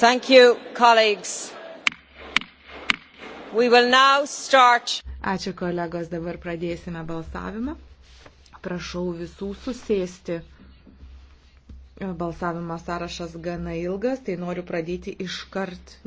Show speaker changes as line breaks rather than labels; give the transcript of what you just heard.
You,
start... Ačiū kolegos, dabar pradėsime balsavimą. Prašau visų susėsti.
Balsavimo sąrašas gana ilgas, tai noriu pradėti iškart